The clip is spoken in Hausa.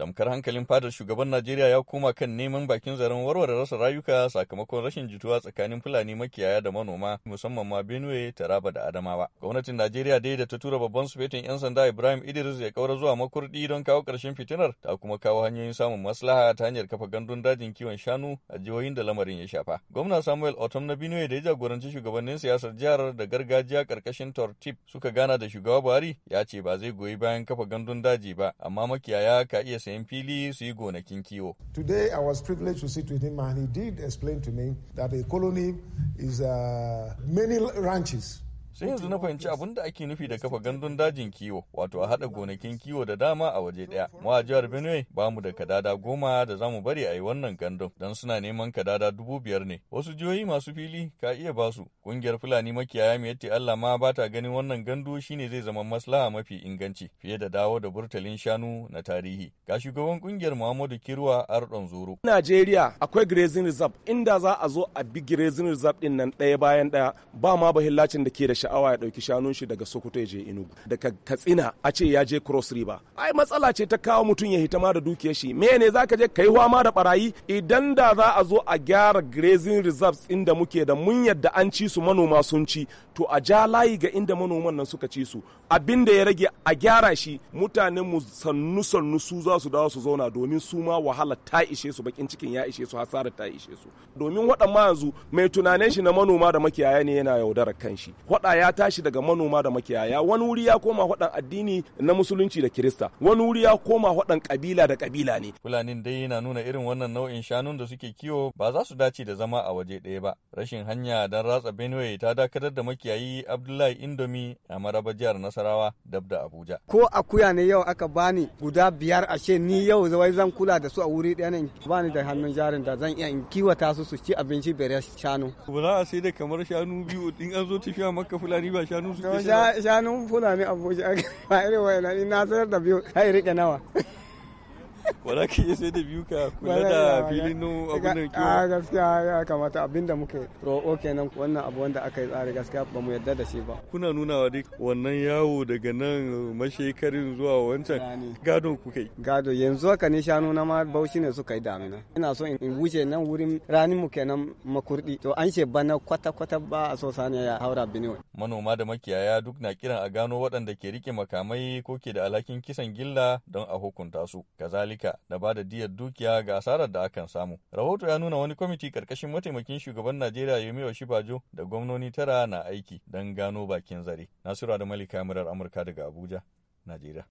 tamkar hankalin fadar shugaban Najeriya ya koma kan neman bakin zaren warware rasa rayuka sakamakon rashin jituwa tsakanin Fulani makiyaya da manoma musamman ma Benue, Taraba da Adamawa. Gwamnatin Najeriya dai da ta tura babban sufetin 'yan sanda Ibrahim Idris ya kaura zuwa makurdi don kawo karshen fitinar ta kuma kawo hanyoyin samun maslaha ta hanyar kafa gandun dajin kiwon shanu a jihohin da lamarin ya shafa. Gwamna Samuel Otom na Benue da ya jagoranci shugabannin siyasar jihar da gargajiya karkashin Tortip suka gana da shugaba Buhari ya ce ba zai goyi bayan kafa gandun daji ba amma makiyaya ka iya fili su yi gonakin kiwo. Today I was privileged to sit with him and he did explain to me that a colony is uh, many ranches. sai yanzu na fahimci abin da ake nufi da kafa gandun dajin kiwo wato a haɗa gonakin kiwo da dama a waje ɗaya mu a jihar benue ba mu da kadada goma da zamu bari a yi wannan gandun don suna neman kadada dubu biyar ne wasu jihohi masu fili ka iya ba su ƙungiyar fulani makiyaya mai yatti allah ma ba ta ganin wannan gandu shine zai zama maslaha mafi inganci fiye da dawo da burtalin shanu na tarihi ga shugaban ƙungiyar muhammadu kirwa ardon zuru najeriya akwai grazing reserve inda za a zo a bi grazing reserve din nan ɗaya bayan ɗaya ba ma bahillacin da ke da sha sha'awa ya ɗauki shanun shi daga Sokoto ya je Enugu daga Katsina a ce ya je Cross River ai matsala ce ta kawo mutum ya hitama da dukiyar shi me ne ka je kai ma da barayi idan da za a zo a gyara grazing reserves inda muke da mun yadda an ci su manoma sun ci to a ja layi ga inda manoman nan suka ci su abin da ya rage a gyara shi mutanen mu sannu sannu su za su dawo su zauna domin su ma wahala ta ishe su bakin cikin ya ishe su hasara ta ishe su domin waɗannan yanzu mai tunanin shi na manoma da makiyaya ne yana yaudarar kanshi shi. faɗa ya tashi daga manoma da makiyaya wani wuri ya koma faɗan addini na musulunci da kirista wani wuri ya koma faɗan kabila da kabila ne fulanin dai yana nuna irin wannan nau'in shanun da suke kiwo ba za su dace da zama a waje ɗaya ba rashin hanya don ratsa benue ta dakatar da makiyayi abdullahi indomi a maraba jihar nasarawa dab da abuja ko akuya ne yau aka bani guda biyar ashe ni yau zawai zan kula da su a wuri ɗaya ne bani da hannun jarin da zan iya in kiwata su su ci abinci bare shanu ba za a sai da kamar shanu biyu in an zo tafiya maka fulani ba shanu suke shanu fulani abuja ba irin wayanani na sayar da biyu ai rike nawa wala ka iya sai da biyu ka kula da filin no abin da a gaskiya ya kamata abin da muke roƙo kenan wannan abu wanda aka yi tsari gaskiya ba mu yarda da shi ba kuna nuna wa duk wannan yawo daga nan mashekarin zuwa wancan gadon ku kai gado yanzu haka ne shanu na ma bauchi ne suka yi damina ina so in wuce nan wurin ranin mu kenan makurdi to an ce bana kwata kwata ba a so saniya ya haura binewa manoma da makiyaya duk na kiran a gano waɗanda ke rike makamai ko ke da alhakin kisan gilla don a hukunta su kazalika Amurka da ba da diyar dukiya ga asarar da akan samu. Rahoto ya nuna wani kwamiti karkashin mataimakin shugaban Najeriya ya Yemi Oshibajo da gwamnoni tara na aiki don gano bakin zare. Nasiru da Malika Murar Amurka daga Abuja, Najeriya.